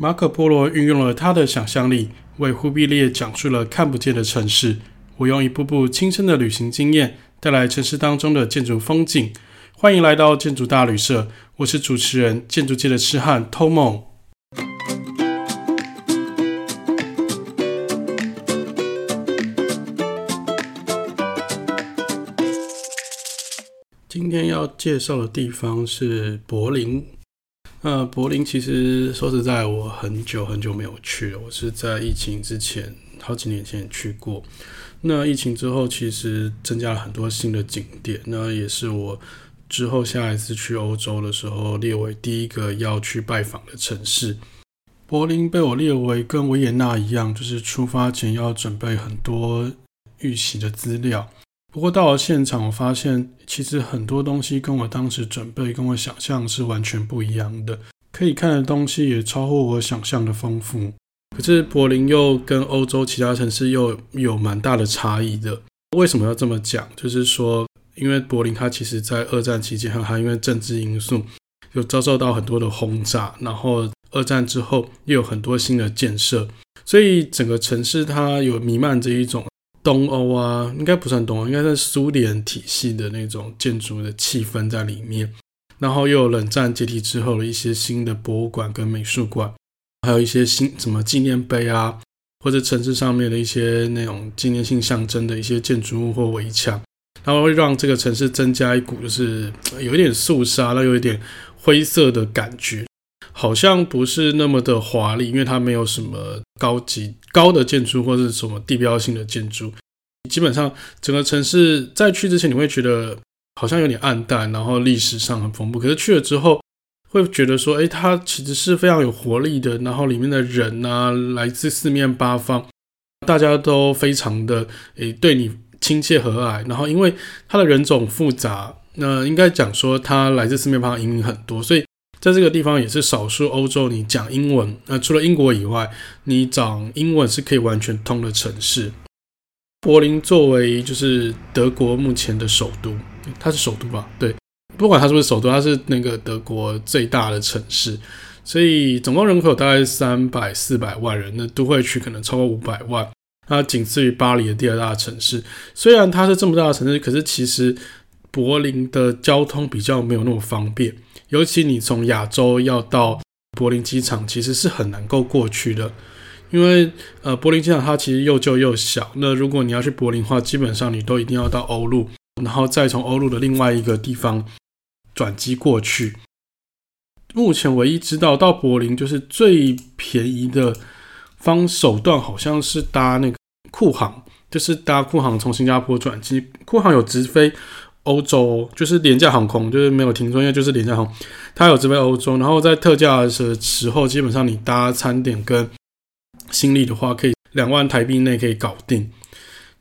馬可波羅運用了他的想象力，為忽必烈講述了看不見的城市。我用一步步親身的旅行經驗，帶來城市當中的建築風景。歡迎來到建築大旅社，我是主持人，建築界的痴漢 Tomo。今天要介紹的地方是柏林。那柏林其實說實在，我很久很久沒有去了。我是在疫情之前好幾年前也去過。那疫情之後，其實增加了很多新的景點。那也是我之後下一次去歐洲的時候列為第一個要去拜訪的城市。柏林被我列為跟維也納一樣，就是出發前要準備很多預習的資料。不過到了現場，我發現其實很多東西跟我當時準備，跟我想象是完全不一樣的。可以看的東西也超乎我想象的豐富。可是柏林又跟歐洲其他城市又有蠻大的差異的。為什麼要這麼講？就是說，因為柏林它其實在二戰期間，它因為政治因素有遭受到很多的轟炸，然後二戰之後又有很多新的建設，所以整個城市它有彌漫著一種東歐啊，應該不算東歐，應該算蘇聯體系的那種建築的氣氛在裡面。然後又有冷戰解體之後的一些新的博物館跟美術館，還有一些新什麼紀念碑啊，或者城市上面的一些那種紀念性象徵的一些建築物或圍牆，然後會讓這個城市增加一股就是有一點肅殺，那有一點灰色的感覺。好像不是那麼的華麗，因為它沒有什麼高級高的建築或者什麼地標性的建築。基本上整個城市在去之前，你會覺得好像有點暗淡，然後歷史上很豐富。可是去了之後，會覺得說，哎、欸，它其實是非常有活力的。然後裡面的人吶、啊，來自四面八方，大家都非常的誒、欸、對你親切和藹。然後因為它的人種複雜，那應該講說它來自四面八方移民很多，所以。在這個地方也是少數歐洲，你講英文，那除了英國以外，你講英文是可以完全通的城市。柏林作為就是德國目前的首都，它是首都吧？對，不管它是不是首都，它是那個德國最大的城市，所以總共人口大概三百四百萬人，那都會區可能超過五百萬，它僅次於巴黎的第二大城市。雖然它是這麼大的城市，可是其實。柏林的交通比較沒有那麼方便，尤其你從亞洲要到柏林機場，其實是很難夠過去的，因為呃，柏林機場它其實又舊又小。那如果你要去柏林的話，基本上你都一定要到歐陸，然後再從歐陸的另外一個地方轉機過去。目前唯一知道到柏林就是最便宜的方手段，好像是搭那個酷航，就是搭酷航從新加坡轉機，酷航有直飛。歐洲就是廉價航空，就是沒有停頓，因為就是廉價航空，它有直飛歐洲。然後在特價的時候，基本上你搭餐點跟行李的話，可以兩萬台幣內可以搞定。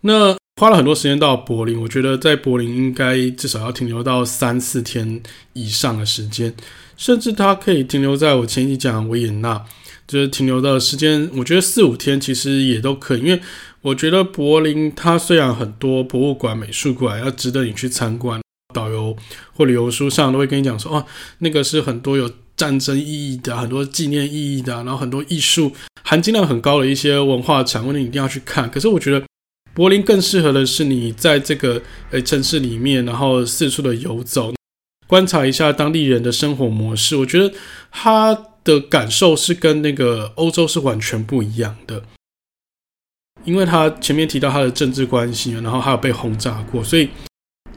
那花了很多時間到柏林，我覺得在柏林應該至少要停留到三四天以上的時間，甚至它可以停留在我前幾講維也納，就是停留的時間，我覺得四五天其實也都可以，因為。我覺得柏林，它雖然很多博物館、美術館要值得你去參觀，導遊或旅遊書上都會跟你講說，哦，那個是很多有戰爭意義的，很多紀念意義的，然後很多藝術含金量很高的一些文化產物，你一定要去看。可是我覺得柏林更適合的是你在這個誒、欸、城市裡面，然後四處的遊走，觀察一下當地人的生活模式。我覺得他的感受是跟那個歐洲是完全不一樣的。因為他前面提到它的政治關係，然後還有被轟炸過，所以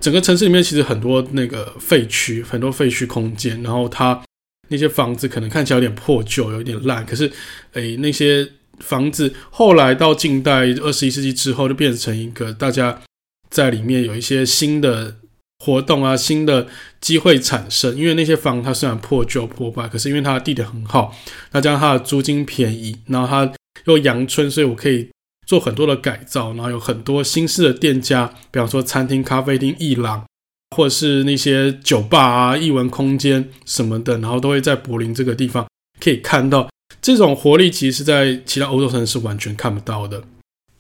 整個城市裡面其實很多那個廢墟，很多廢墟空間。然後它那些房子可能看起來有點破舊，有點爛。可是，誒，那些房子後來到近代二十一世紀之後，就變成一個大家在裡面有一些新的活動啊，新的機會產生。因為那些房它雖然破舊破敗，可是因為它的地點很好，那加上它的租金便宜，然後它又陽春，所以我可以。做很多的改造，然後有很多新式的店家，比方說餐廳、咖啡廳、藝廊，或者是那些酒吧啊、藝文空間什麼的，然後都會在柏林這個地方可以看到。這種活力其實在其他歐洲城市是完全看不到的。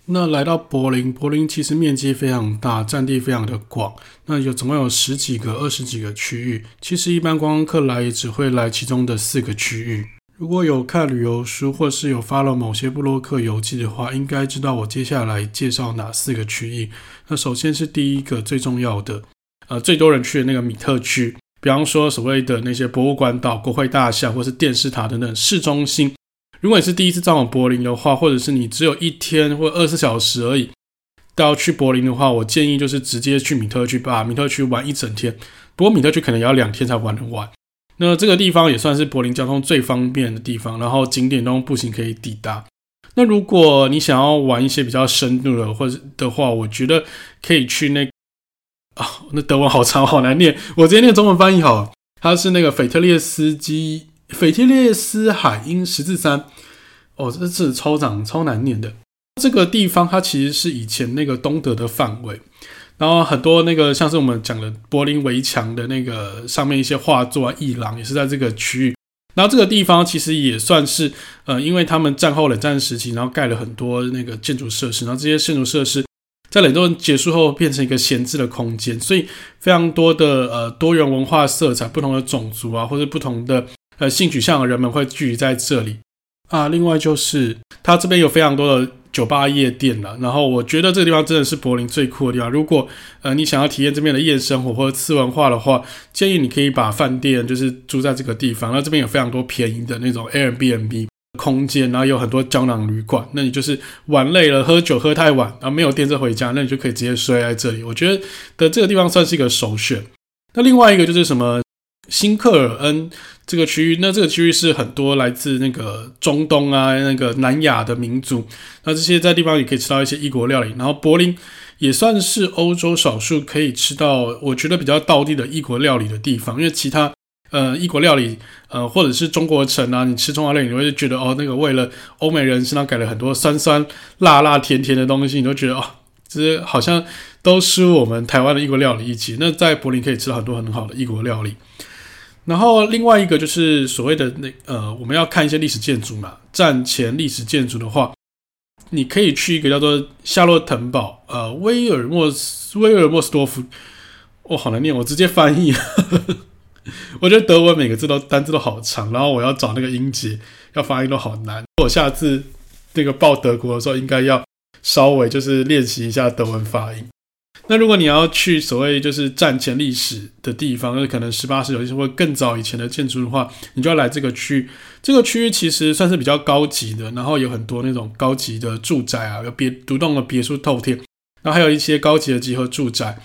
那來到柏林，柏林其實面積非常大，占地非常的廣，那有總共有十幾個、二十幾個區域。其實一般觀光客來，也只會來其中的四個區域。如果有看旅遊書，或是有 follow 某些部落客遊記的話，應該知道我接下來介紹哪四個區域？那首先是第一個最重要的，呃，最多人去的那個米特區。比方說所謂的那些博物館島、國會大廈，或是電視塔等等市中心。如果你是第一次到柏林的話，或者是你只有一天或二十四小時而已到去柏林的話，我建議就是直接去米特區吧。米特區玩一整天，不過米特區可能也要兩天才玩得完。那這個地方也算是柏林交通最方便的地方，然後景點都步行可以抵達。那如果你想要玩一些比較深度的，或者的話，我覺得可以去那個、啊，那德文好長好難念，我直接念中文翻譯好了。它是那個腓特烈斯基腓特烈斯海因十字山。哦，這字超長超難念的。這個地方它其實是以前那個東德的範圍。然後很多那個像是我們講的柏林圍牆的那個上面一些畫作啊，藝廊也是在這個區域。然後這個地方其實也算是呃，因為他們戰後冷戰時期，然後蓋了很多那個建築設施。然後這些建築設施在冷戰結束後變成一個閒置的空間，所以非常多的呃多元文化色彩、不同的種族啊，或者不同的呃性取向的人們會聚集在這裡啊。另外就是它這邊有非常多的。酒吧夜店了，然後我覺得這個地方真的是柏林最酷的地方。如果呃你想要體驗這邊的夜生活或者次文化的話，建議你可以把飯店就是住在這個地方。那這邊有非常多便宜的那種 Airbnb 空間，然後有很多膠囊旅館。那你就是玩累了，喝酒喝太晚，然後沒有電車回家，那你就可以直接睡在這裡。我覺得的這個地方算是一個首選。那另外一個就是什麼，新克爾恩。這個區域，那這個區域是很多來自那個中東啊、那個南亞的民族，那這些在地方也可以吃到一些異國料理。然後柏林也算是歐洲少數可以吃到，我覺得比較道地的異國料理的地方，因為其他呃異國料理呃或者是中國城啊，你吃中華料理你會覺得哦，那個為了歐美人身上改了很多酸酸辣辣甜甜的東西，你都覺得哦，這些好像都是我們臺灣的異國料理一起。那在柏林可以吃到很多很好的異國料理。然後另外一個就是所謂的那呃，我們要看一些歷史建築嘛。戰前歷史建築的話，你可以去一個叫做夏洛滕堡，呃，威爾莫斯威爾莫斯多夫，我、哦、好難唸，我直接翻譯。呵呵我覺得德文每個字都單字都好長，然後我要找那個音節要發音都好難。我下次這個報德國的時候，應該要稍微就是練習一下德文發音。那如果你要去所謂就是戰前歷史的地方，那、就是、可能十八十九世紀或更早以前的建築的話，你就要來這個區。這個區域其實算是比較高級的，然後有很多那種高級的住宅啊，有別獨棟的別墅透天，然後還有一些高級的集合住宅。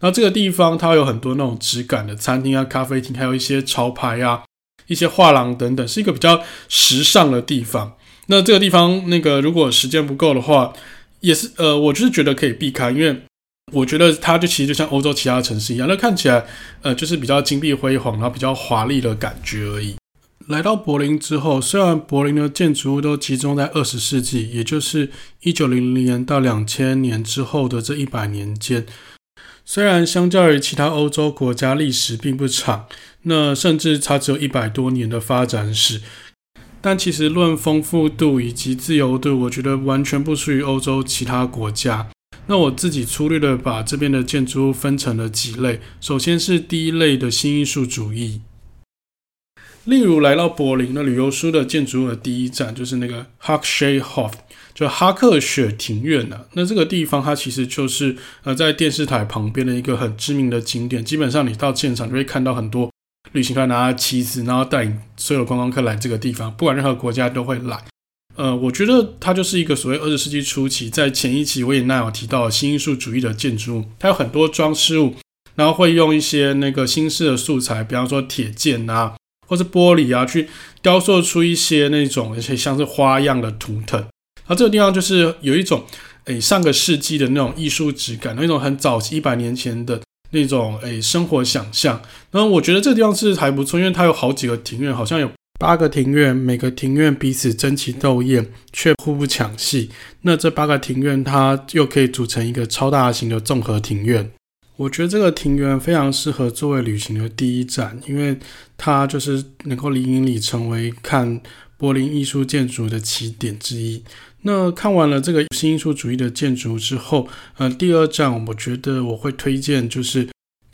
那這個地方它有很多那種質感的餐廳啊、咖啡廳，還有一些潮牌啊、一些畫廊等等，是一個比較時尚的地方。那這個地方那個如果時間不夠的話，也是呃，我就是覺得可以避開，因為。我覺得它就其實就像歐洲其他城市一樣，那看起來呃就是比較金碧輝煌，然後比較華麗的感覺而已。來到柏林之後，雖然柏林的建築物都集中在二十世紀，也就是一九零零年到兩千年之後的這一百年間，雖然相較於其他歐洲國家歷史並不長，那甚至它只有一百多年的發展史，但其實論豐富度以及自由度，我覺得完全不輸於歐洲其他國家。那我自己粗略的把這邊的建築分成了幾類。首先是第一類的新藝術主義，例如來到柏林，那旅遊書的建築物的第一站就是那個 Hackshay Hof，就哈克雪庭院了啊。那這個地方它其實就是呃在電視台旁邊的一個很知名的景點，基本上你到現場就會看到很多旅行團拿旗子，然後帶所有觀光客來這個地方，不管任何國家都會來。呃，我覺得它就是一個所謂二十世紀初期，在前一期維也納有提到的新藝術主義的建築物，它有很多裝飾物，然後會用一些那個新式的素材，比方說鐵件啊，或是玻璃啊，去雕塑出一些那種，而且像是花樣的圖騰。然後這個地方就是有一種，哎，上個世紀的那種藝術質感，那種很早期一百年前的那種，哎，生活想象。那我覺得這個地方是還不錯，因為它有好幾個庭院，好像有。八個庭院，每個庭院彼此爭奇鬥艷，卻互不搶戲。那這八個庭院，它又可以組成一個超大型的綜合庭院。我覺得這個庭院非常適合作為旅行的第一站，因為它就是能夠引領你成為看柏林藝術建築的起點之一。那看完了這個新藝術主義的建築之後，呃，第二站我覺得我會推薦就是。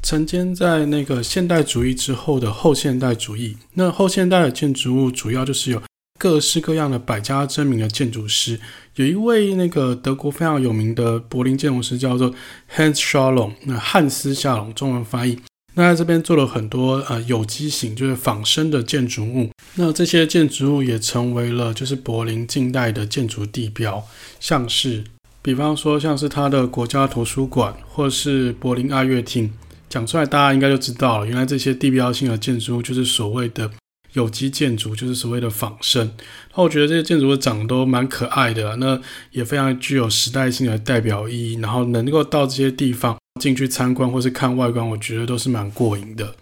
曾經在那個現代主義之後的後現代主義，那後現代的建築物主要就是有各式各樣的百家爭鳴的建築師，有一位那個德國非常有名的柏林建築師叫做 Hans Scharoun，那漢斯夏隆，中文翻譯，那在這邊做了很多呃有機型就是仿生的建築物，那這些建築物也成為了就是柏林近代的建築地標，像是比方說像是他的國家圖書館或是柏林愛樂廳。講出來，大家應該就知道了。原來這些地標性的建築物就是所謂的有機建築，就是所謂的仿生。那我覺得這些建築物長得都蠻可愛的，那也非常具有時代性的代表意義。然後能夠到這些地方進去參觀，或是看外觀，我覺得都是蠻過癮的。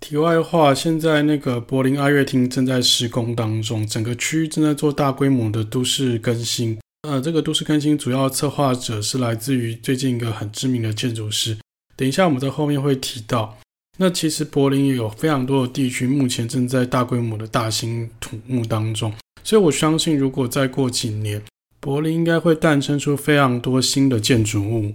題外話，現在那個柏林愛樂廳正在施工當中，整個區域正在做大規模的都市更新。呃，這個都市更新主要策劃者是來自於最近一個很知名的建築師。等一下，我們在後面會提到。那其實柏林也有非常多的地區目前正在大規模的大興土木當中，所以我相信，如果再過幾年，柏林應該會誕生出非常多新的建築物。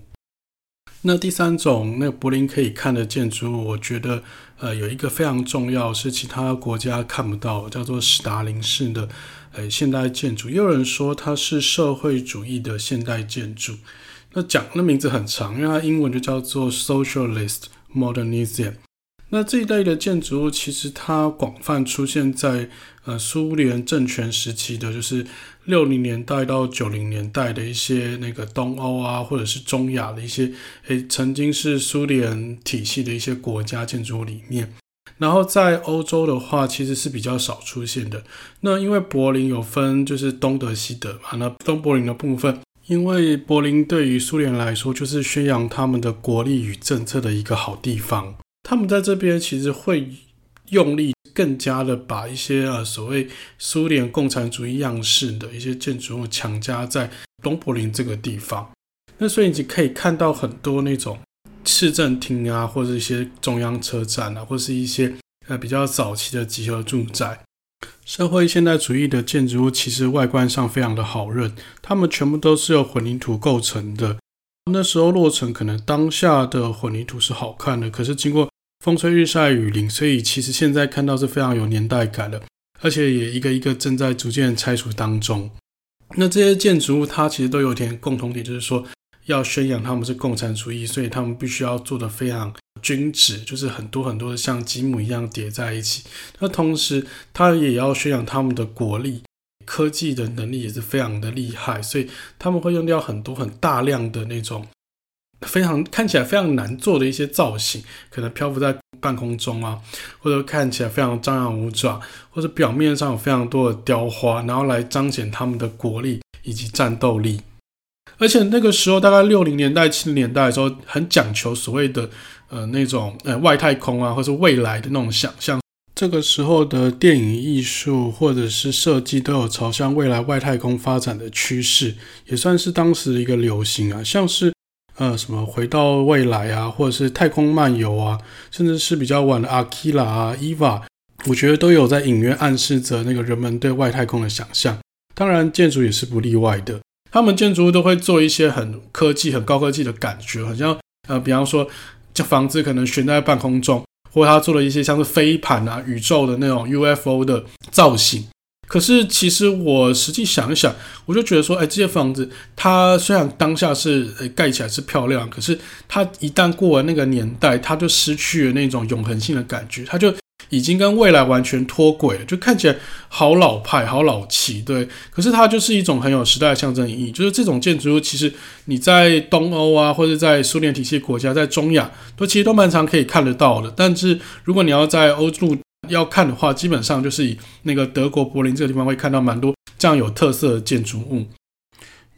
那第三種，那柏林可以看的建築物，我覺得，呃，有一個非常重要是其他國家看不到，叫做史達林式的、呃、現代建築。也有人說它是社會主義的現代建築。那講，那名字很長，因為它英文就叫做 Socialist Modernism。那這一類的建築物其實它廣泛出現在呃蘇聯政權時期的，就是六零年代到九零年代的一些那個東歐啊，或者是中亞的一些誒、欸、曾經是蘇聯體系的一些國家建築物裡面。然後在歐洲的話，其實是比較少出現的。那因為柏林有分就是東德西德嘛，那東柏林的部分。因為柏林對於蘇聯來說，就是宣揚他們的國力與政策的一個好地方。他們在這邊其實會用力更加的把一些呃所謂蘇聯共產主義樣式的一些建築物強加在東柏林這個地方。那所以你可以看到很多那種市政廳啊，或者一些中央車站啊，或是一些呃比較早期的集合住宅。社會現代主義的建築物其實外觀上非常的好認，它們全部都是由混凝土構成的。那時候落成可能當下的混凝土是好看的，可是經過風吹日曬雨淋，所以其實現在看到是非常有年代感的，而且也一個一個正在逐漸拆除當中。那這些建築物它其實都有一點共同點，就是說。要宣揚他們是共產主義，所以他們必須要做得非常均質，就是很多很多的像積木一樣疊在一起。那同時，他也要宣揚他們的國力、科技的能力也是非常的厲害，所以他們會用掉很多很大量的那種非常看起來非常難做的一些造型，可能漂浮在半空中啊，或者看起來非常張牙舞爪，或者表面上有非常多的雕花，然後來彰顯他們的國力以及戰鬥力。而且那個時候，大概六零年代、七零年代的時候，很講求所謂的呃那種呃外太空啊，或是未來的那種想象。這個時候的電影藝術或者是設計都有朝向未來外太空發展的趨勢，也算是當時的一個流行啊。像是呃什麼回到未來啊，或者是太空漫遊啊，甚至是比較晚的阿基拉啊、EVA，我覺得都有在隱約暗示着那個人們對外太空的想象。當然，建築也是不例外的。他們建築物都會做一些很科技、很高科技的感覺，好像呃，比方說，這房子可能懸在半空中，或者他做了一些像是飛盤啊、宇宙的那種 UFO 的造型。可是其實我實際想一想，我就覺得說，哎、欸，這些房子它雖然當下是欸、蓋起來是漂亮，可是它一旦過了那個年代，它就失去了那種永恆性的感覺，它就。已經跟未來完全脫軌了，就看起來好老派、好老氣，對。可是它就是一種很有時代的象徵意義。就是這種建築物，其實你在東歐啊，或者在蘇聯體系國家，在中亞，都其實都蠻常可以看得到的。但是如果你要在歐洲要看的話，基本上就是以那個德國柏林這個地方會看到蠻多這樣有特色的建築物。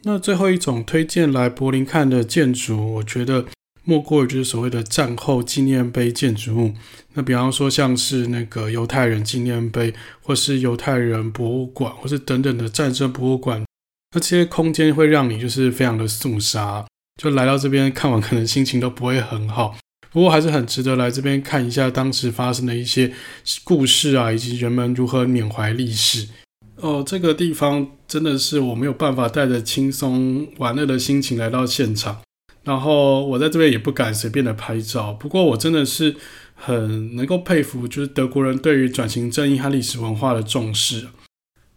那最後一種推薦來柏林看的建築，我覺得。莫過於就是所謂的戰後紀念碑建築物，那比方說像是那個猶太人紀念碑，或是猶太人博物館，或是等等的戰爭博物館，那這些空間會讓你就是非常的肅殺，就來到這邊看完，可能心情都不會很好。不過還是很值得來這邊看一下當時發生的一些故事啊，以及人們如何緬懷歷史。哦，這個地方真的是我沒有辦法帶着輕鬆玩樂的心情來到現場。然後我在這邊也不敢隨便的拍照，不過我真的是很能夠佩服，就是德國人對於轉型正義和歷史文化的重視。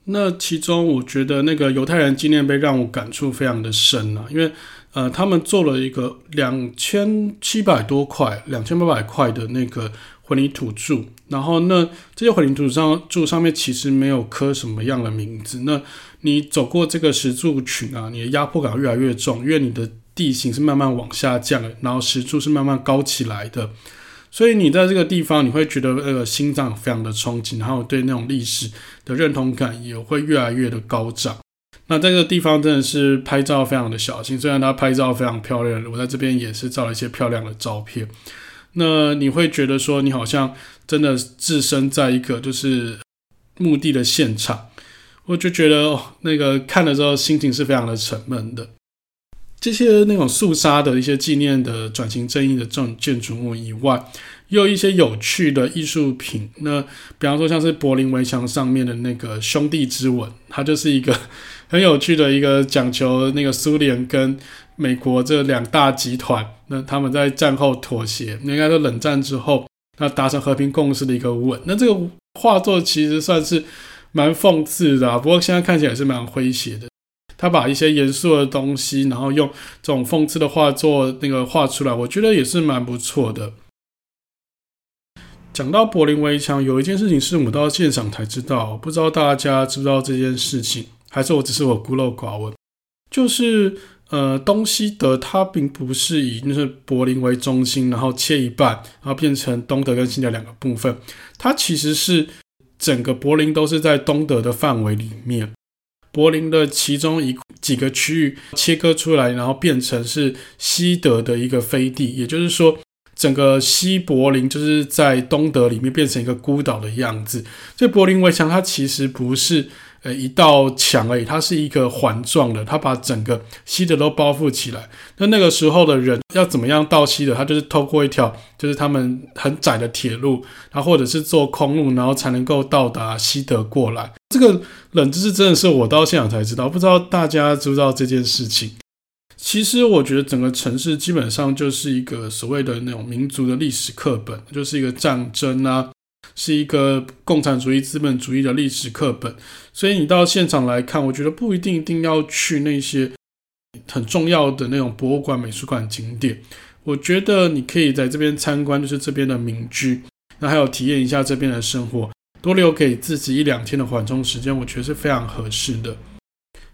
那其中我覺得那個猶太人紀念碑讓我感觸非常的深啊，因為呃他們做了一個兩千七百多塊、兩千八百塊的那個混凝土柱，然後那這些混凝土柱上面其實沒有刻什麼樣的名字。那你走過這個石柱群啊，你的壓迫感越來越重，因為你的。地形是慢慢往下降，然後石柱是慢慢高起來的，所以你在這個地方，你會覺得那個心臟非常的憧憬，然後對那種歷史的認同感也會越來越的高漲。那這個地方真的是拍照非常的小心，雖然它拍照非常漂亮，我在這邊也是照了一些漂亮的照片。那你會覺得說，你好像真的置身在一個就是墓地的，的現場，我就覺得、哦、那個看的時候心情是非常的沉悶的。這些那種肅殺的一些紀念的轉型正義的這種建築物以外，也有一些有趣的藝術品。那比方說，像是柏林圍牆上面的那個兄弟之吻，它就是一個很有趣的一個講求那個蘇聯跟美國這兩大集團，那他們在戰後妥協，應該說冷戰之後那達成和平共識的一個吻。那這個畫作其實算是蠻諷刺的，啊，不過現在看起來也是蠻詼諧的。他把一些嚴肅的東西，然後用這種諷刺的畫做那個畫出來，我覺得也是蠻不錯的。講到柏林圍牆，有一件事情是我到現場才知道，不知道大家知不知道這件事情，還是我只是我孤陋寡聞。就是呃，東西德它並不是以就是柏林為中心，然後切一半，然後變成東德跟西德兩個部分。它其實是整個柏林都是在東德的範圍裡面。柏林的其中一幾個區域切割出來，然後變成是西德的一個飛地，也就是說，整個西柏林就是在東德裡面變成一個孤島的樣子。所以柏林圍牆它其實不是。呃、欸，一道牆而已，它是一個環狀的，它把整個西德都包覆起來。那那個時候的人要怎麼樣到西德？他就是透過一條，就是他們很窄的鐵路，然後或者是坐空路，然後才能夠到達西德過來。這個冷知識真的是我到現場才知道，不知道大家知不知道這件事情。其實我覺得整個城市基本上就是一個所謂的那種民族的歷史課本，就是一個戰爭啊。是一個共產主義、資本主義的歷史課本，所以你到現場來看，我覺得不一定一定要去那些很重要的那種博物館、美術館景點。我覺得你可以在這邊參觀，就是這邊的民居，那還有體驗一下這邊的生活，多留給自己一兩天的緩衝時間，我覺得是非常合適的。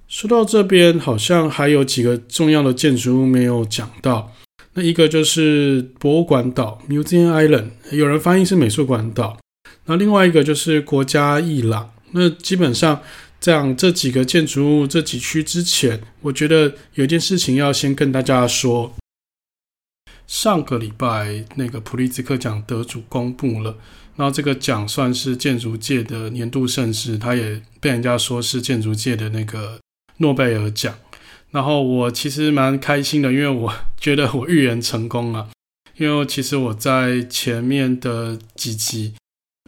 說到這邊，好像還有幾個重要的建築物沒有講到，那一個就是博物館島 （Museum Island），有人翻譯是美術館島。那另外一個就是國家藝廊，那基本上，這樣這幾個建築物，這幾區之前，我覺得有一件事情要先跟大家說。上個禮拜那個普利茲克獎得主公布了，然後這個獎算是建築界的年度盛事，他也被人家說是建築界的那個諾貝爾獎。然後我其實蠻開心的，因為我覺得我預言成功了啊，因為其實我在前面的幾集。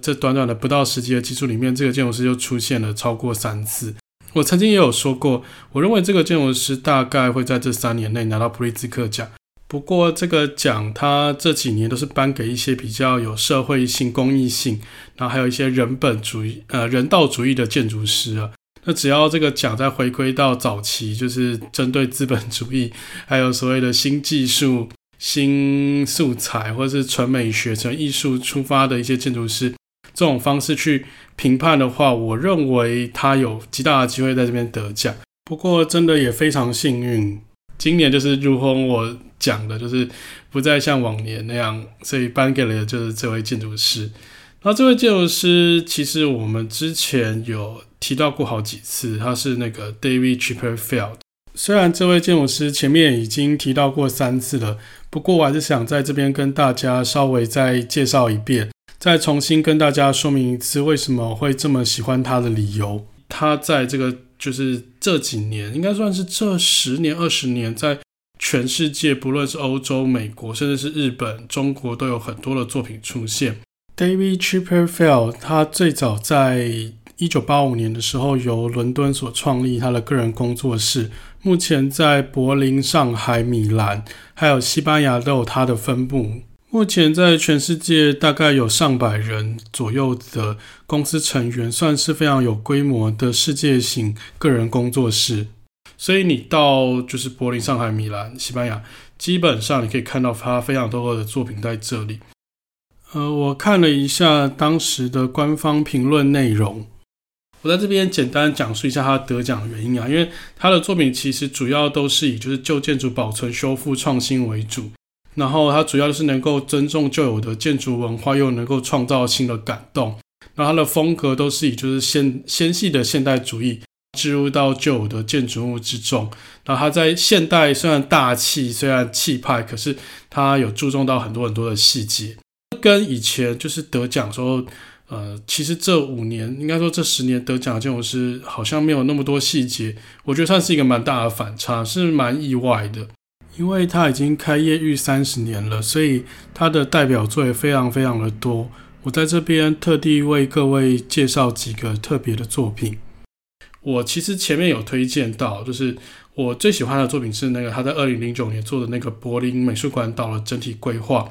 這短短的不到十集的基礎裡面，這個建築師就出現了超過三次。我曾經也有說過，我認為這個建築師大概會在這三年內拿到普利茲克獎。不過這個獎它這幾年都是頒給一些比較有社會性、公益性，然後還有一些人本主義、呃，人道主義的建築師了。那只要這個獎再回歸到早期，就是針對資本主義，還有所謂的新技術、新素材，或者是純美學、純藝術出發的一些建築師，這種方式去評判的話，我認為他有極大的機會在這邊得獎。不過，真的也非常幸運，今年就是如同我講的，就是不再像往年那樣，所以頒給了就是這位建築師。那這位建築師，其實我們之前有提到過好幾次，他是那個 David Chipperfield。雖然這位建築師前面已經提到過三次了，不過我還是想在這邊跟大家稍微再介紹一遍。再重新跟大家說明一次，為什麼會這麼喜歡他的理由。他在這個就是這幾年，應該算是這十年、二十年，在全世界，不論是歐洲、美國，甚至是日本、中國，都有很多的作品出現。David Chipperfield，他最早在一九八五年的時候由倫敦所創立他的個人工作室，目前在柏林、上海、米蘭，還有西班牙都有他的分部。目前在全世界大概有上百人左右的公司成員，算是非常有規模的世界型個人工作室。所以你到就是柏林、上海、米蘭、西班牙，基本上你可以看到他非常多、多的作品在這裡。呃，我看了一下當時的官方評論內容，我在這邊簡單講述一下他得獎原因啊，因為他的作品其實主要都是以就是舊建築保存、修復、創新為主。然後它主要就是能夠尊重舊有的建築文化，又能夠創造新的感動。然後它的風格都是以就是纖纖細的現代主義植入到舊有的建築物之中。那它在現代雖然大氣，雖然氣派，可是它有注重到很多很多的細節。跟以前就是得獎時候，呃，其實這五年應該說這十年得獎的建築師好像沒有那麼多細節，我覺得算是一個蠻大的反差，是蠻意外的。因為他已經開業逾三十年了，所以他的代表作也非常非常的多。我在這邊特地為各位介紹幾個特別的作品。我其實前面有推薦到，就是我最喜歡的作品是那個他在二零零九年做的那個柏林美術館島的整體規劃。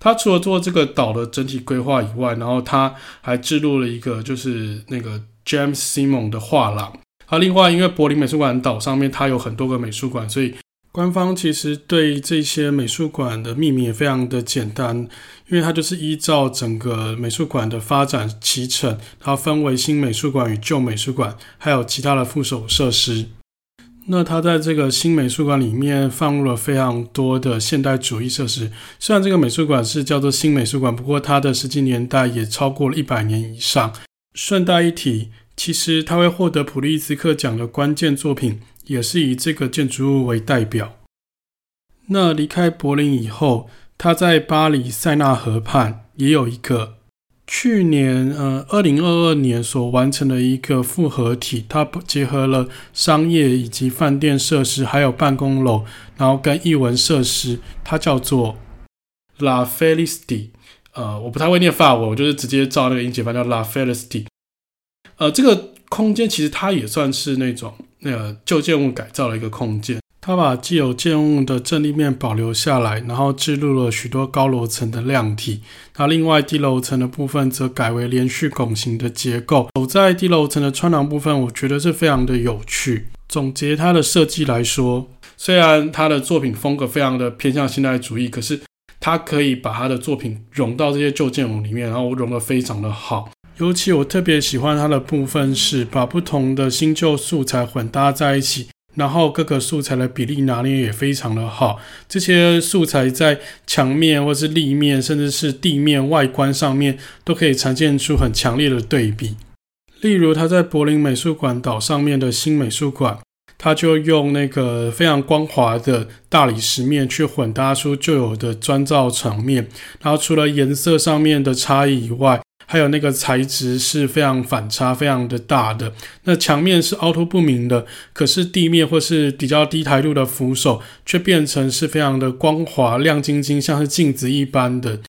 他除了做這個島的整體規劃以外，然後他還置入了一個就是那個 James Simon 的畫廊。啊，另外因為柏林美術館島上面它有很多個美術館，所以。官方其實對這些美術館的命名也非常的簡單，因為它就是依照整個美術館的發展歷程，它分為新美術館與舊美術館，還有其他的附屬設施。那它在這個新美術館裡面放入了非常多的現代主義設施。雖然這個美術館是叫做新美術館，不過它的實際年代也超過了一百年以上。順帶一提，其實它會獲得普利茲克獎的關鍵作品，也是以這個建築物為代表。那離開柏林以後，他在巴黎塞納河畔也有一個，去年呃二零二二年所完成的一個複合體，它結合了商業以及飯店設施，還有辦公樓，然後跟藝文設施，它叫做 La Felicity。呃，我不太會唸法文，我就是直接照那個音節翻叫 La Felicity。呃，這個空間其實它也算是那種。那個舊建物改造的一個空間，它把既有建物的正立面保留下來，然後植入了許多高樓層的量體。那另外低樓層的部分則改為連續拱形的結構。走在低樓層的穿廊部分，我覺得是非常的有趣。總結他的設計來說，雖然他的作品風格非常的偏向現代主義，可是他可以把他的作品融到這些舊建物裡面，然後融得非常的好。尤其我特別喜歡它的部分是把不同的新舊素材混搭在一起，然後各個素材的比例拿捏也非常的好。這些素材在牆面或是立面，甚至是地面外觀上面，都可以呈現出很強烈的對比。例如他在柏林美術館島上面的新美術館，他就用那個非常光滑的大理石面去混搭出舊有的磚造牆面，然後除了顏色上面的差異以外，還有那個材質是非常反差，非常的大的。那牆面是凹凸不平的，可是地面或是比較低台度的扶手卻變成是非常的光滑，亮晶晶，像是鏡子一般的。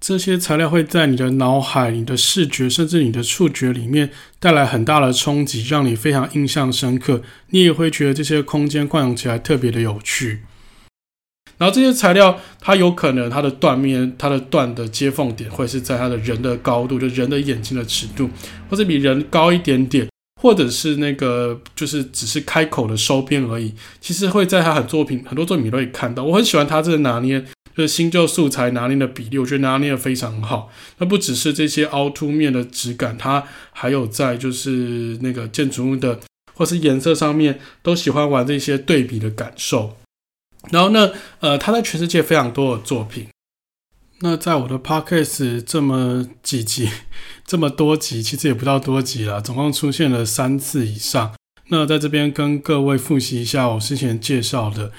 這些材料會在你的腦海、你的視覺，甚至你的觸覺裡面帶來很大的衝擊，讓你非常印象深刻。你也會覺得這些空間逛起來特別的有趣。然後這些材料，它有可能它的斷面、它的斷的接縫點，會是在它的人的高度，就人的眼睛的尺度，或者比人高一點點，或者是那個就是只是開口的收邊而已。其實會在他很作品很多作品裡都可以看到，我很喜歡他這個拿捏，就是新舊素材拿捏的比例，我覺得拿捏的非常好。那不只是這些凹凸面的質感，它還有在就是那個建築物的或是顏色上面，都喜歡玩這些對比的感受。然後呢，呃，他在全世界非常多的作品。那在我的 p o r c a s t 這麼幾集，這麼多集，其實也不到多集了，總共出現了三次以上。那在這邊跟各位複習一下我之前介紹的，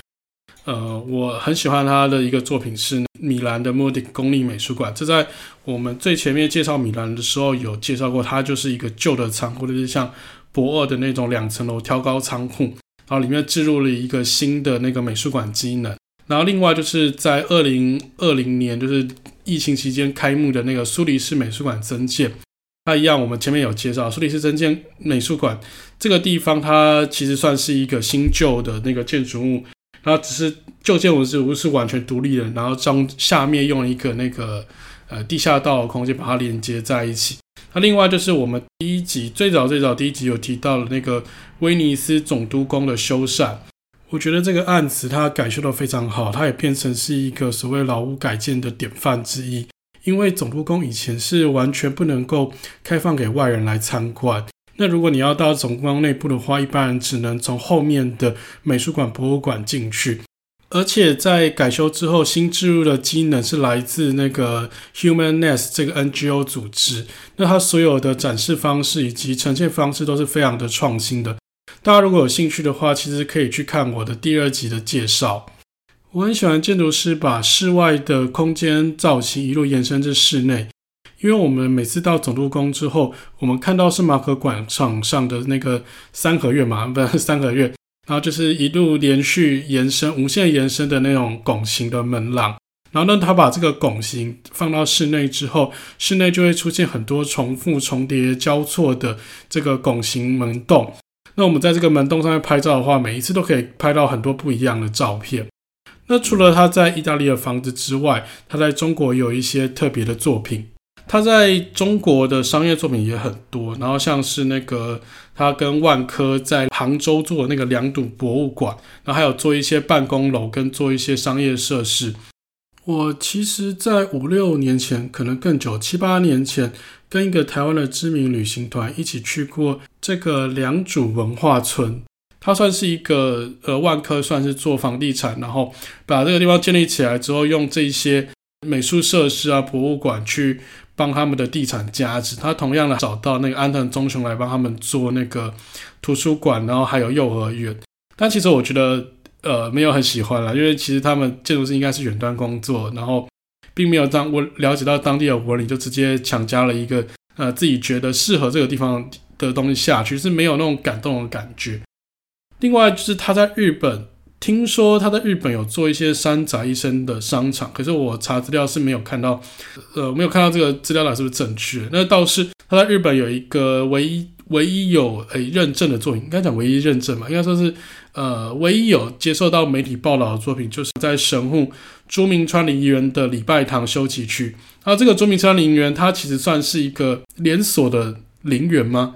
呃，我很喜歡他的一個作品是米蘭的莫 y 公立美術館。這在我們最前面介紹米蘭的時候有介紹過，它就是一個舊的倉庫，就是像博爾的那種兩層樓挑高倉庫。然後裡面置入了一個新的那個美術館機能，然後另外就是在二零二零年就是疫情期間開幕的那個蘇黎世美術館增建，那一樣我們前面有介紹蘇黎世增建美術館這個地方，它其實算是一個新舊的那個建築物，然後只是舊建物是完全獨立的，然後將下面用一個那個呃地下道的空間把它連接在一起。那、啊、另外就是我們第一集最早最早第一集有提到了那個威尼斯總督宮的修繕，我覺得這個案子它改修的非常好，它也變成是一個所謂老屋改建的典範之一。因為總督宮以前是完全不能夠開放給外人來參觀，那如果你要到總督宮內部的話，一般人只能從後面的美術館、博物館進去。而且在改修之後，新置入的機能是來自那個 Human Nest 這個 NGO 組織。那它所有的展示方式以及呈現方式都是非常的創新的。大家如果有興趣的話，其實可以去看我的第二集的介紹。我很喜歡建築師把室外的空間造型一路延伸至室內，因為我們每次到總督宮之後，我們看到是馬可廣場上的那個三合院嘛，不是三合院。然後就是一路連續延伸，無限延伸的那種拱形的門廊。然後呢，他把這個拱形放到室內之後，室內就會出現很多重複、重疊、交錯的這個拱形門洞。那我們在這個門洞上面拍照的話，每一次都可以拍到很多不一樣的照片。那除了他在意大利的房子之外，他在中國有一些特別的作品。他在中國的商業作品也很多，然後像是那個他跟萬科在杭州做的那個良渚博物館，然後還有做一些辦公樓跟做一些商業設施。我其實，在五六年前，可能更久，七八年前，跟一個台灣的知名旅行團一起去過這個良渚文化村。它算是一個呃，萬科算是做房地產，然後把這個地方建立起來之後，用這些美術設施啊、博物館去。幫他們的地產價值，他同樣的找到那個安藤忠雄來幫他們做那個圖書館，然後還有幼兒園。但其實我覺得，呃，沒有很喜歡啦，因為其實他們建築師應該是遠端工作，然後並沒有當我了解到當地的紋理，就直接強加了一個呃自己覺得適合這個地方的東西下去，是沒有那種感動的感覺。另外就是他在日本。聽說他在日本有做一些三宅一生的商場，可是我查資料是沒有看到，呃，沒有看到這個資料啊，是不是正確？那倒是他在日本有一個唯一唯一有誒認證的作品，應該講唯一認證嘛，應該說是呃唯一有接受到媒體報道的作品，就是在神戶朱明川陵園的禮拜堂休息區。那、啊、這個朱明川陵園，它其實算是一個連鎖的陵園嗎？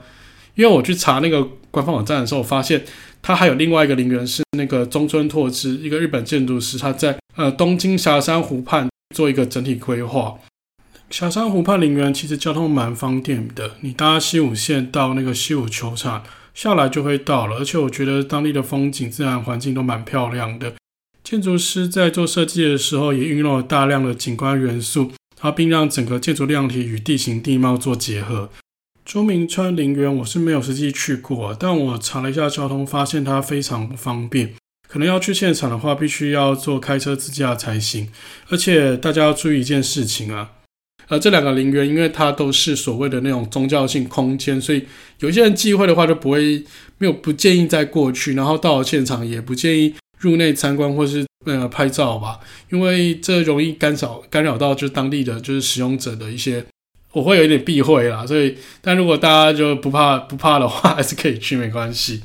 因為我去查那個。官方網站的時候，我發現它還有另外一個陵園是那個中村拓志，一個日本建築師，他在呃東京狹山湖畔做一個整體規劃。狹山湖畔陵園其實交通蠻方便的，你搭西武線到那個西武球場下來就會到了，而且我覺得當地的風景、自然環境都蠻漂亮的。建築師在做設計的時候也運用了大量的景觀元素，他並讓整個建築量體與地形地貌做結合。朱明川陵園，我是沒有實際去過，啊，但我查了一下交通，發現它非常不方便。可能要去現場的話，必須要坐開車自駕才行。而且大家要注意一件事情啊，呃，這兩個陵園，因為它都是所謂的那種宗教性空間，所以有些人忌諱的話，就不會沒有不建議再過去。然後到了現場，也不建議入內參觀或是呃拍照吧，因為這容易干擾干擾到就是當地的就是使用者的一些。我會有一點避諱啦，所以，但如果大家就不怕不怕的話，還是可以去，沒關係。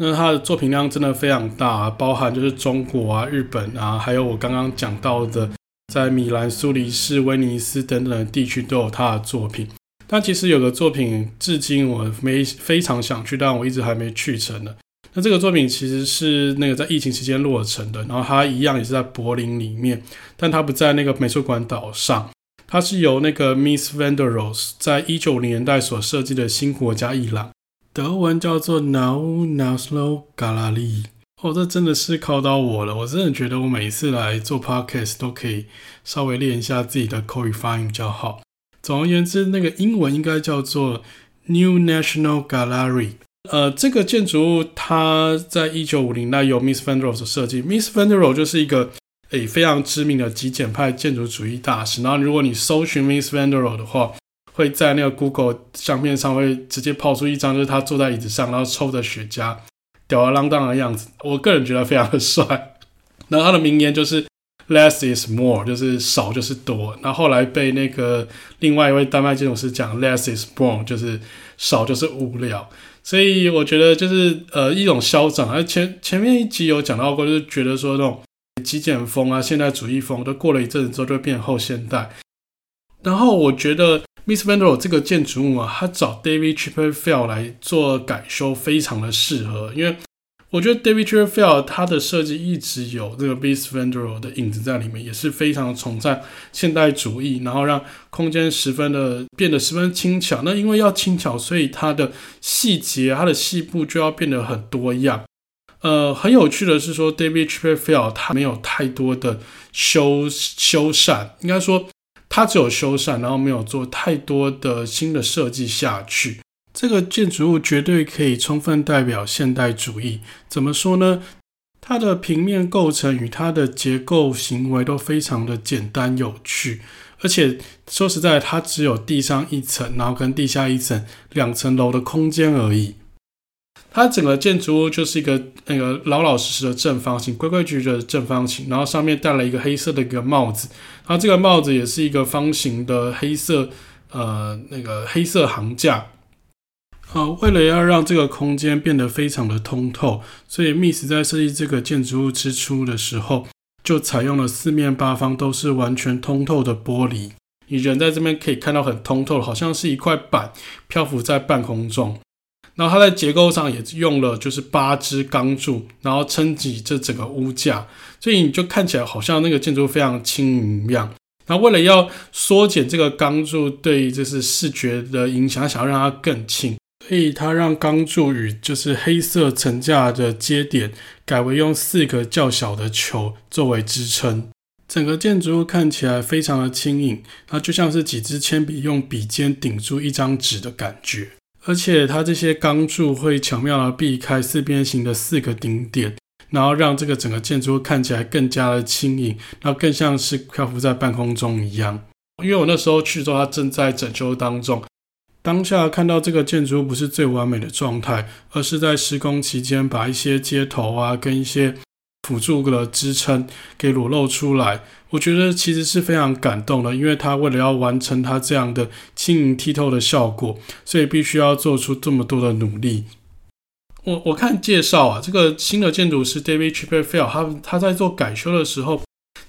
那他的作品量真的非常大啊，包含就是中國啊、日本啊，還有我剛剛講到的，在米蘭、蘇黎世、威尼斯等等的地區都有他的作品。但其實有個作品，至今我沒非常想去，但我一直還沒去成呢。那這個作品其實是那個在疫情期間落成的，然後它一樣也是在柏林裡面，但它不在那個美術館島上。它是由那個 Mies van der Rohe 在一九五零年代所設計的新國家藝廊德文叫做 Neue National Galerie。哦，這真的是考倒我了，我真的覺得我每一次來做 podcast 都可以稍微練一下自己的口語發音比較好。總而言之，那個英文應該叫做 New National Gallery。呃，這個建築物它在一九五零年代由 Mies van der Rohe 設計，Mies van der Rohe 就是一個。誒，非常知名的極簡派建築主義大師。然後，如果你搜尋 Mies van der Rohe 的話，會在那個 Google 相片上會直接拋出一張，就是他坐在椅子上，然後抽着雪茄，吊兒郎當的樣子。我個人覺得非常的帥。然後他的名言就是 “Less is more”，就是少就是多。然後後來被那個另外一位丹麥建築師講 “Less is born”，就是少就是無聊。所以我覺得就是呃一種囂張。而前前面一集有講到過，就是覺得說那種。極簡風啊，現代主義風都過了一陣子之後，就會變後現代。然後我覺得 Mies van der Rohe 這個建築物啊，它找 David Chipperfield 來做改修，非常的適合。因為我覺得 David Chipperfield 它的設計一直有這個 Mies van der Rohe 的影子在裡面，也是非常的崇尚現代主義，然後讓空間十分的變得十分輕巧。那因為要輕巧，所以它的細節、它的細部就要變得很多樣。呃，很有趣的是說，David Chipperfield 他沒有太多的修修繕，應該說他只有修繕，然後沒有做太多的新的設計下去。這個建築物絕對可以充分代表現代主義。怎麼說呢？它的平面構成與它的結構行為都非常的簡單有趣，而且說實在，它只有地上一層，然後跟地下一層兩層樓的空間而已。它、啊、整個建築物就是一個那個、呃、老老實實的正方形，規規矩矩的正方形，然後上面戴了一個黑色的一個帽子，然後這個帽子也是一個方形的黑色，呃，那個黑色桁架。呃，為了要讓這個空間變得非常的通透，所以密斯在設計這個建築物之初的時候，就採用了四面八方都是完全通透的玻璃。你人在這邊可以看到很通透，好像是一塊板漂浮在半空中。然後它在結構上也用了就是八支鋼柱，然後撐起這整個屋架，所以你就看起來好像那個建築非常輕盈一樣。那為了要縮減這個鋼柱對於就是視覺的影響，想要讓它更輕，所以它讓鋼柱與就是黑色層架的接點改為用四個較小的球作為支撐，整個建築物看起來非常的輕盈，那就像是幾支鉛筆用筆尖頂住一張紙的感覺。而且它這些鋼柱會巧妙地避開四邊形的四個頂點，然後讓這個整個建築看起來更加的輕盈，然後更像是漂浮在半空中一樣。因為我那時候去的時候，它正在整修當中，當下看到這個建築不是最完美的狀態，而是在施工期間把一些接頭啊跟一些輔助的支撐給裸露出來，我覺得其實是非常感動的，因為他為了要完成他這樣的晶瑩剔透的效果，所以必須要做出這麼多的努力。我我看介紹啊，這個新的建築師 David Chipperfield，他他在做改修的時候，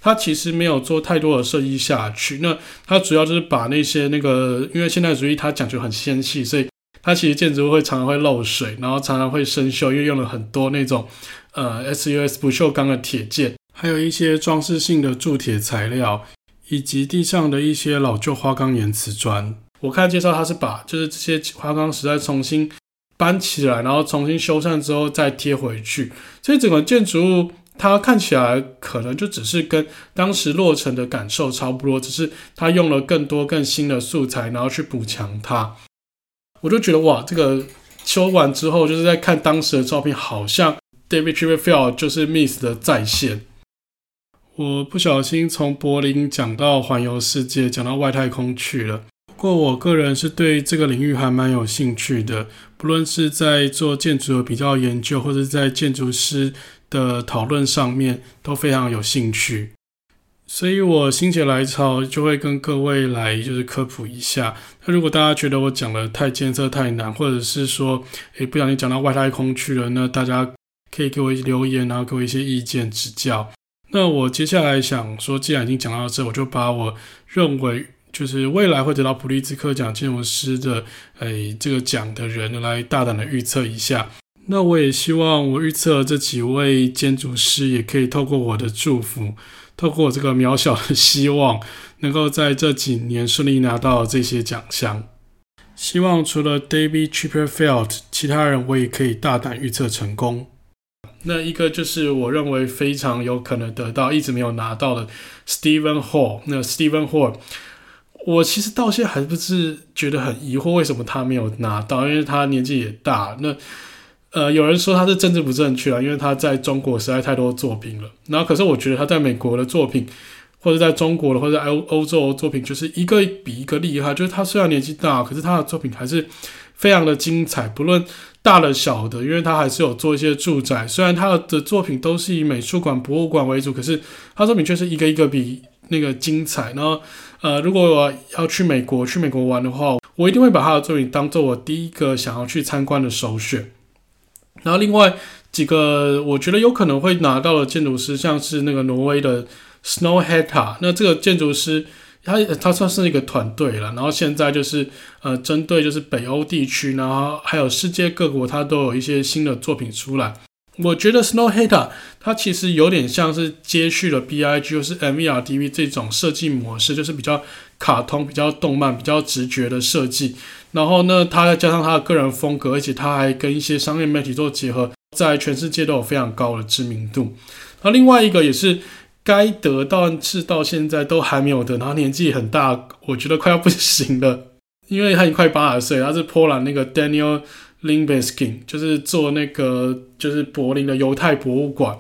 他其實沒有做太多的設計下去，那他主要就是把那些那個，因為現代主義它講究很纖細，所以它其實建築物會常常會漏水，然後常常會生鏽，因為用了很多那種。呃，SUS 不鏽鋼的鐵件，還有一些裝飾性的鑄鐵材料，以及地上的一些老舊花崗岩瓷磚。我看介紹，他是把就是這些花崗石再重新搬起來，然後重新修繕之後再貼回去。所以整個建築物它看起來可能就只是跟當時落成的感受差不多，只是他用了更多更新的素材，然後去補強它。我就覺得哇，這個修完之後，就是在看當時的照片，好像。David Chipperfield 就是 Miss 的再現。我不小心從柏林講到環遊世界，講到外太空去了。不過我個人是對這個領域還蠻有興趣的，不論是在做建築的比較研究，或是在建築師的討論上面都非常有興趣。所以我心血來潮就會跟各位來就是科普一下。那如果大家覺得我講的太艱澀太難，或者是說，誒不小心講到外太空去了，那大家可以給我留言，然後給我一些意見指教。那我接下來想說，既然已經講到這，我就把我認為就是未來會得到普利茲克獎建築師的誒、哎、這個獎的人來大膽的預測一下。那我也希望我預測這幾位建築師也可以透過我的祝福，透過我這個渺小的希望，能夠在這幾年順利拿到這些獎項。希望除了 David Chipperfield，其他人我也可以大膽預測成功。那一個就是我認為非常有可能得到一直沒有拿到的 Steven Holl。那 Steven Holl，我其實到現在還不是覺得很疑惑為什麼他沒有拿到，因為他年紀也大。那呃，有人說他是政治不正確啊，因為他在中國實在太多作品了。然後可是我覺得他在美國的作品，或者在中國的或者歐歐洲的作品，就是一個比一個厲害。就是他雖然年紀大，可是他的作品還是非常的精彩，不論。大的、小的，因為他還是有做一些住宅。雖然他的作品都是以美術館、博物館為主，可是他作品卻是一個一個比那個精彩。然後，呃，如果我要去美國、去美國玩的話，我一定會把他的作品當做我第一個想要去參觀的首選。然後，另外幾個我覺得有可能會拿到的建築師，像是那個挪威的 Snøhetta，那這個建築師。他他算是一個團隊了，然後現在就是呃，針對就是北歐地區，然後還有世界各國，他都有一些新的作品出來。我覺得 Snøhetta 他其實有點像是接續了 B I G 或是 M V R D V 這種設計模式，就是比較卡通、比較動漫、比較直覺的設計。然後呢，他再加上他的個人風格，而且他還跟一些商業媒體做結合，在全世界都有非常高的知名度。那另外一個也是，該得到，但是到現在都還沒有得。然後年紀很大，我覺得快要不行了，因為他已經快八十歲。他是波蘭那個 Daniel Libeskind 就是做那個就是柏林的猶太博物館。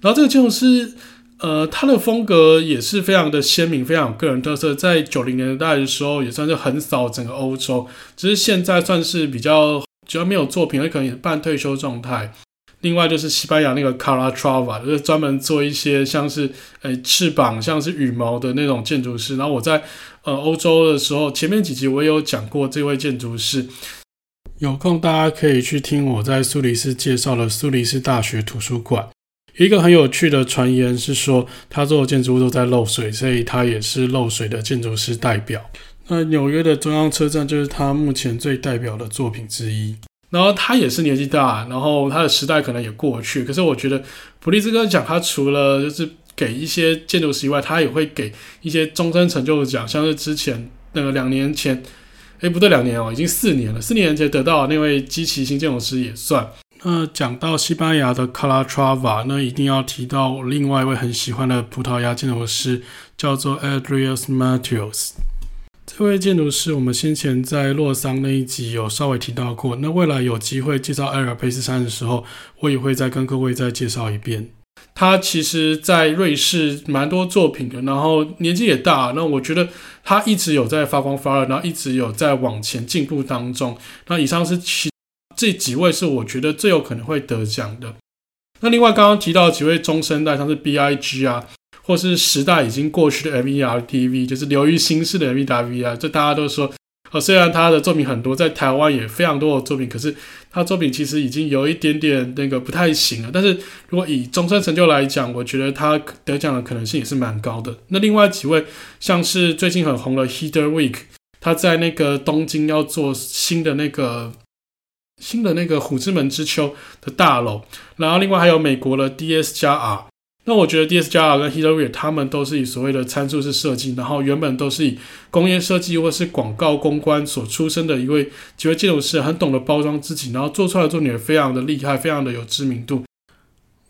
然後這個建築師，呃，他的風格也是非常的鮮明，非常有個人特色。在九零年代的時候，也算是橫掃整個歐洲。只是現在算是比較，主要沒有作品，他可能也半退休狀態。另外就是西班牙那個 Calatrava，就是專門做一些像是呃翅膀、像是羽毛的那種建築師。然後我在呃歐洲的時候，前面幾集我也有講過這位建築師。有空大家可以去聽我在蘇黎世介紹的蘇黎世大學圖書館。一個很有趣的傳言是說，他做的建築物都在漏水，所以他也是漏水的建築師代表。那紐約的中央車站就是他目前最代表的作品之一。然後他也是年紀大，然後他的時代可能也過去。可是我覺得普立茲克獎，他除了就是給一些建築師以外，他也會給一些終身成就的獎，像是之前那個兩年前，哎，不對，兩年哦，已經四年了，四年前得到的那位磯崎新建築師也算。那、呃、講到西班牙的 Calatrava 那一定要提到另外一位很喜歡的葡萄牙建築師，叫做 Aires Mateus。這位建築師，我們先前在洛桑那一集有稍微提到過。那未來有機會介紹阿爾卑斯山的時候，我也會再跟各位再介紹一遍。他其實，在瑞士蠻多作品的，然後年紀也大，那我覺得他一直有在發光發熱，然後一直有在往前進步當中。那以上是其這幾位是我覺得最有可能會得獎的。那另外剛剛提到幾位中生代，像是 BIG 啊。或是時代已經過去的 MVRDV，就是流於形式的 MVRDV 啊，這大家都說，哦、呃，雖然他的作品很多，在台灣也非常多的作品，可是他作品其實已經有一點點那個不太行了。但是如果以終身成就來講，我覺得他得獎的可能性也是蠻高的。那另外幾位，像是最近很紅的 Heatherwick 他在那個東京要做新的那個新的那個虎之門之丘的大樓，然後另外還有美國的 D S 加 R。那我覺得 D.S.J.R 跟 Heatherwick 他們都是以所謂的參數式設計，然後原本都是以工業設計或是廣告公關所出身的一位幾位建築師，很懂得包裝自己，然後做出來的作品也非常的厲害，非常的有知名度。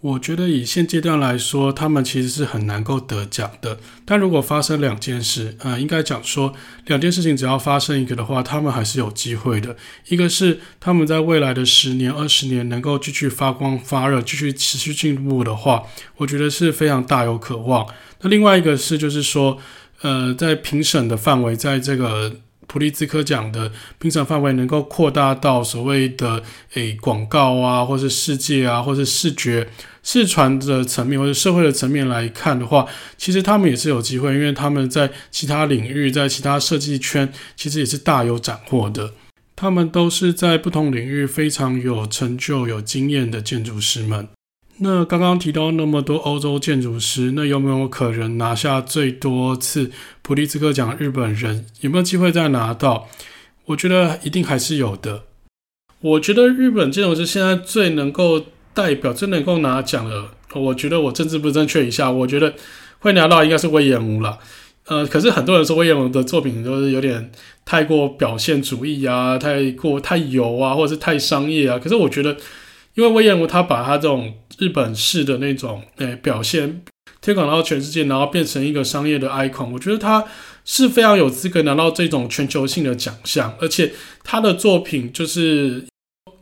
我覺得以現階段來說，他們其實是很難夠得獎的。但如果發生兩件事，呃，應該講說兩件事情，只要發生一個的話，他們還是有機會的。一個是他們在未來的十年、二十年能夠繼續發光發熱、繼續持續進步的話，我覺得是非常大有可望。那另外一個是就是說，呃，在評審的範圍，在這個。普利茲克獎的評審範圍能夠擴大到所謂的誒廣告啊，或是世界啊，或是視覺、視傳的層面，或者社會的層面來看的話，其實他們也是有機會，因為他們在其他領域，在其他設計圈，其實也是大有斬獲的。他們都是在不同領域非常有成就、有經驗的建築師們。那剛剛提到那麼多歐洲建築師，那有沒有可能拿下最多次普利茲克獎？日本人有沒有機會再拿到？我覺得一定還是有的。我覺得日本建築師現在最能夠代表、最能夠拿獎的，我覺得我政治不正確一下，我覺得會拿到應該是隈研吾了。呃，可是很多人說隈研吾的作品都是有點太過表現主義啊，太過太油啊，或者是太商業啊。可是我覺得，因為隈研吾他把他這種日本式的那種誒、欸、表現推廣到全世界，然後變成一個商業的 icon，我覺得他是非常有資格拿到這種全球性的獎項，而且他的作品就是，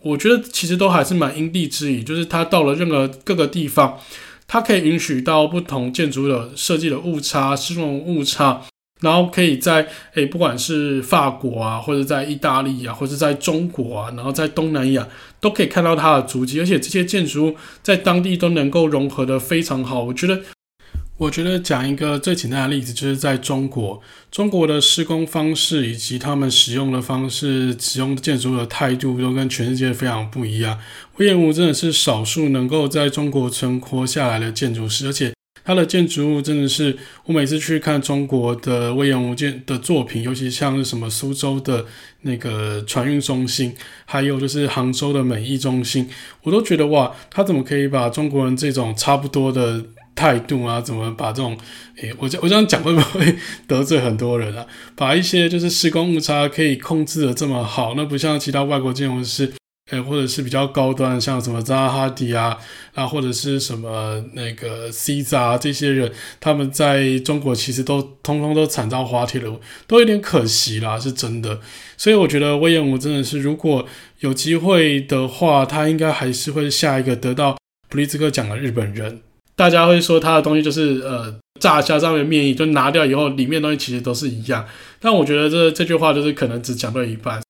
我覺得其實都還是蠻因地制宜，就是他到了任何各個地方，他可以允許到不同建築的設計的誤差、施工誤差。然後可以在誒，不管是法國啊，或者在意大利啊，或者在中國啊，然後在東南亞，都可以看到它的足迹。而且這些建築物在當地都能夠融合得非常好。我覺得，我覺得講一個最簡單的例子，就是在中國，中國的施工方式以及他們使用的方式、使用建築物的態度，都跟全世界非常不一樣。隈研吾真的是少數能夠在中國存活下來的建築師，而且。他的建築物真的是，我每次去看中國的隈研吾建的作品，尤其像是什麼蘇州的那個船運中心，還有就是杭州的美藝中心，我都覺得哇，他怎麼可以把中國人這種差不多的態度啊，怎麼把這種，哎、欸，我我這樣講會不會得罪很多人啊？把一些就是施工誤差可以控制的這麼好，那不像其他外國建築師。誒、欸，或者是比較高端，像什麼扎哈迪啊，啊，或者是什麼那個西扎、啊、這些人，他們在中國其實都通通都慘遭滑鐵盧，都有點可惜啦，是真的。所以我覺得威廉姆真的是，如果有機會的話，他應該還是會下一個得到普利茲克獎的日本人。大家會說他的東西就是呃，炸蝦上面的麵衣，就拿掉以後裡面的東西其實都是一樣，但我覺得這這句話就是可能只講到一半。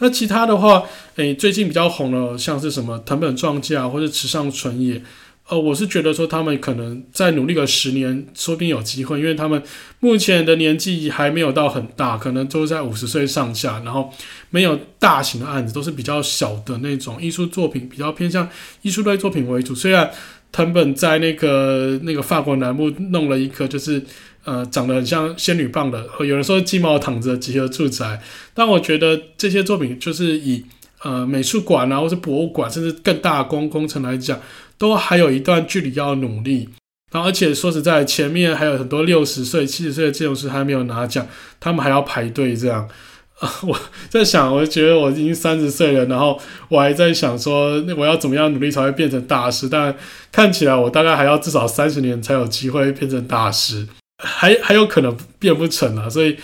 那其他的話，誒、欸，最近比較紅的，像是什麼藤本壯介啊，或者池上純也，呃，我是覺得說他們可能再努力個十年，說不定有機會，因為他們目前的年紀還沒有到很大，可能都在五十歲上下，然後沒有大型的案子，都是比較小的那種藝術作品，比較偏向藝術類作品為主。雖然藤本在那個那個法國南部弄了一個，就是。呃，長得很像仙女棒的，有人說雞毛躺着集合住宅，但我覺得這些作品就是以呃美術館啊，或是博物館，甚至更大工工程來講，都還有一段距離要努力。然後，而且說實在，前面還有很多六十歲、七十歲的建築師還沒有拿獎，他們還要排隊這樣。呃，我在想，我覺得我已經三十歲了，然後我還在想說我要怎麼樣努力才會變成大師。但看起來我大概還要至少三十年才有機會變成大師。還還有可能變不成啊。所以，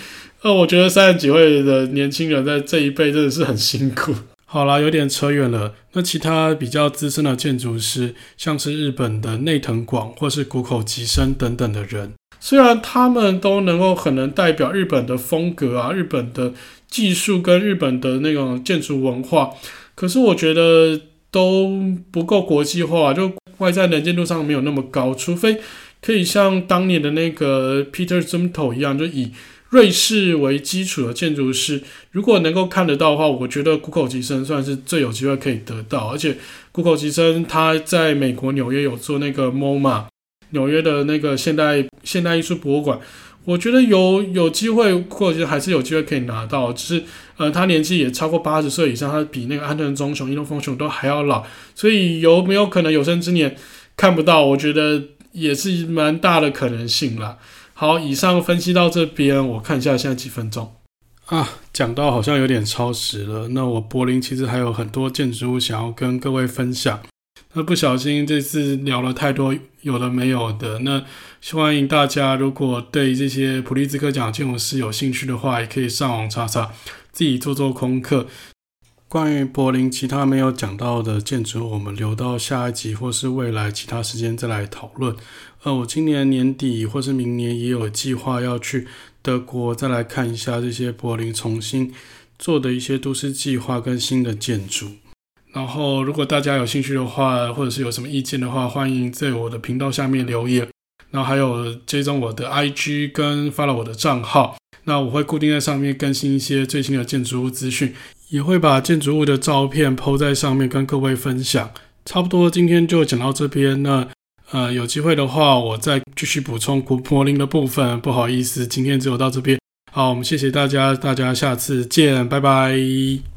呃，我覺得三十幾歲的年輕人在這一輩真的是很辛苦。好啦，有點扯遠了。那其他比較資深的建築師，像是日本的內藤廣或是谷口吉生等等的人，雖然他們都能夠很能代表日本的風格啊、日本的技術跟日本的那種建築文化，可是我覺得都不夠國際化，就外在能見度上沒有那麼高，除非。可以像當年的那個 Peter Zumthor 一樣，就以瑞士為基礎的建築師，如果能夠看得到的話，我覺得谷口吉生算是最有機會可以得到。而且谷口吉生他在美國紐約有做那個 MoMA，紐約的那個現代現代藝術博物館，我覺得有有機會，谷口吉生還是有機會可以拿到。就是呃，他年紀也超過八十歲以上，他比那個安藤忠雄、伊東豐雄都還要老，所以有沒有可能有生之年看不到？我覺得。也是蠻大的可能性啦。好，以上分析到這邊，我看一下現在幾分鐘啊，講到好像有點超時了。那我柏林其實還有很多建築物想要跟各位分享。那不小心這次聊了太多有的沒有的，那希望大家如果對這些普利茲克獎建築師有興趣的話，也可以上網查查，自己做做功課。關於柏林其他沒有講到的建築，我們留到下一集或是未來其他時間再來討論。呃，我今年年底或是明年也有計劃要去德國再來看一下這些柏林重新做的一些都市計劃跟新的建築。然後，如果大家有興趣的話，或者是有什麼意見的話，歡迎在我的頻道下面留言。然後還有追蹤我的 IG 跟 follow 我的賬號。那我會固定在上面更新一些最新的建築物資訊，也會把建築物的照片鋪在上面跟各位分享。差不多今天就講到這邊，那呃有機會的話我再繼續補充古柏林的部分。不好意思，今天只有到這邊。好，我們謝謝大家，大家下次見，拜拜。